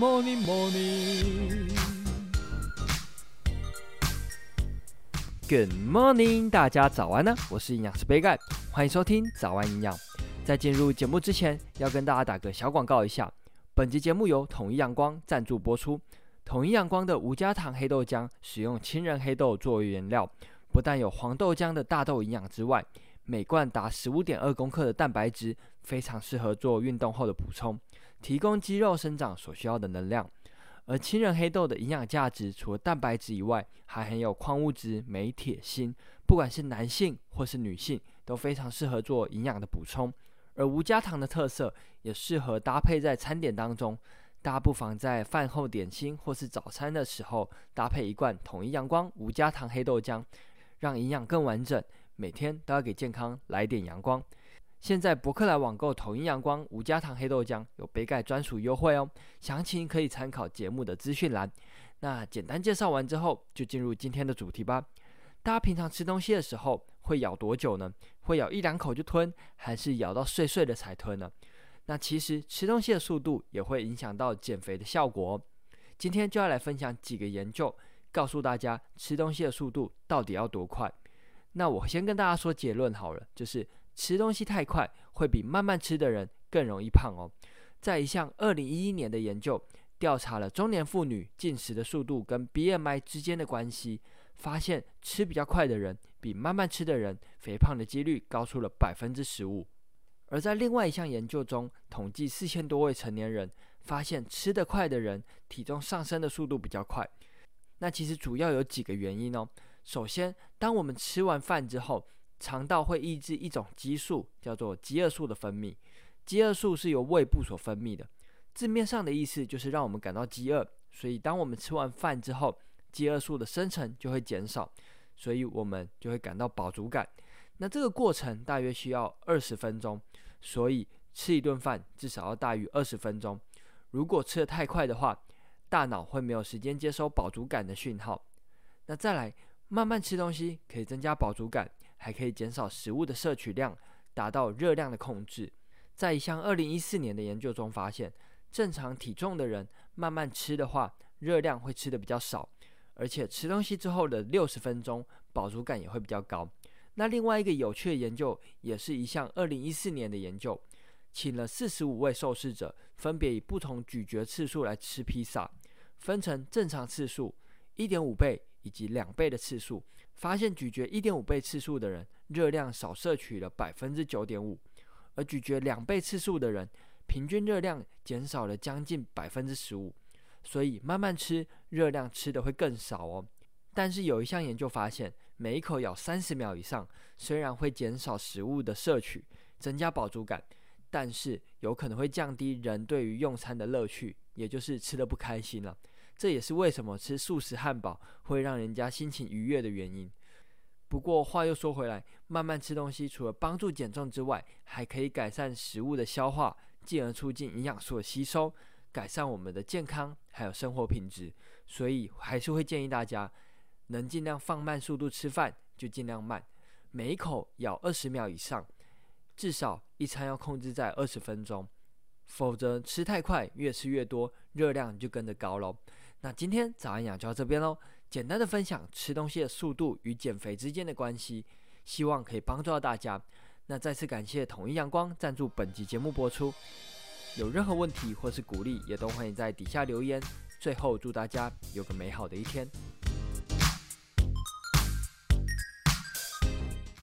Morning, morning. Good morning，大家早安呢、啊！我是營養師杯蓋，歡迎收聽早安營養。在進入節目之前，要跟大家打個小廣告一下。本集節目由統一陽光贊助播出。統一陽光的無加糖黑豆漿，使用青仁黑豆作為原料，不但有黃豆漿的大豆營養之外，每罐達十五點二公克的蛋白質，非常適合做運動後的補充。提供肌肉生長所需要的能量，而青仁黑豆的營養價值除了蛋白質以外，還含有礦物質、鎂、鐵、鋅，不管是男性或是女性，都非常適合做營養的補充。而無加糖的特色也適合搭配在餐點當中，大家不妨在飯後點心或是早餐的時候，搭配一罐統一陽光無加糖黑豆漿，讓營養更完整。每天都要給健康來點陽光。現在博克來網購統一陽光無加糖黑豆漿有杯蓋專屬優惠哦，詳情可以參考節目的資訊欄。那簡單介紹完之後，就進入今天的主題吧。大家平常吃東西的時候會咬多久呢？會咬一兩口就吞，還是咬到碎碎的才吞呢？那其實吃東西的速度也會影響到減肥的效果哦。今天就要來分享幾個研究，告訴大家吃東西的速度到底要多快。那我先跟大家說結論好了，就是。吃東西太快會比慢慢吃的人更容易胖哦。在一項二零一一年的研究，調查了中年婦女進食的速度跟 BMI 之間的關係，發現吃比較快的人比慢慢吃的人肥胖的幾率高出了百分之十五。而在另外一項研究中，統計四千多位成年人，發現吃得快的人體重上升的速度比較快。那其實主要有幾個原因哦。首先，當我們吃完飯之後，腸道會抑制一種激素，叫做飢餓素的分泌。飢餓素是由胃部所分泌的，字面上的意思就是讓我們感到飢餓。所以，當我們吃完飯之後，飢餓素的生成就會減少，所以我們就會感到飽足感。那這個過程大約需要二十分鐘，所以吃一頓飯至少要大於二十分鐘。如果吃得太快的話，大腦會沒有時間接收飽足感的訊號。那再來，慢慢吃東西可以增加飽足感。還可以減少食物的攝取量，達到熱量的控制。在一項二零一四年的研究中發現，正常體重的人慢慢吃的話，熱量會吃得比較少，而且吃東西之後的六十分鐘飽足感也會比較高。那另外一個有趣的研究也是一項二零一四年的研究，請了四十五位受試者，分別以不同咀嚼次數來吃披薩，分成正常次數、一點五倍，以及兩倍的次數，發現咀嚼一點五倍次數的人熱量少攝取了百分之九點五，而咀嚼兩倍次數的人平均熱量減少了將近百分之十五。所以慢慢吃，熱量吃得會更少哦。但是有一項研究發現，每一口咬三十秒以上，雖然會減少食物的攝取，增加飽足感，但是有可能會降低人對於用餐的樂趣，也就是吃得不開心了。這也是為什麼吃素食漢堡會讓人家心情愉悅的原因。不過話又說回來，慢慢吃東西除了幫助減重之外，還可以改善食物的消化，進而促進營養素的吸收，改善我們的健康還有生活品質。所以還是會建議大家能儘量放慢速度吃飯，就儘量慢，每一口咬二十秒以上，至少一餐要控制在二十分鐘，否則吃太快，越吃越多，熱量就跟着高囉。那今天早安營養就到這邊嘍，簡單的分享吃東西的速度與減肥之間的關係，希望可以幫助到大家。那再次感謝統一陽光贊助本集節目播出。有任何問題或是鼓勵，也都歡迎在底下留言。最後祝大家有個美好的一天。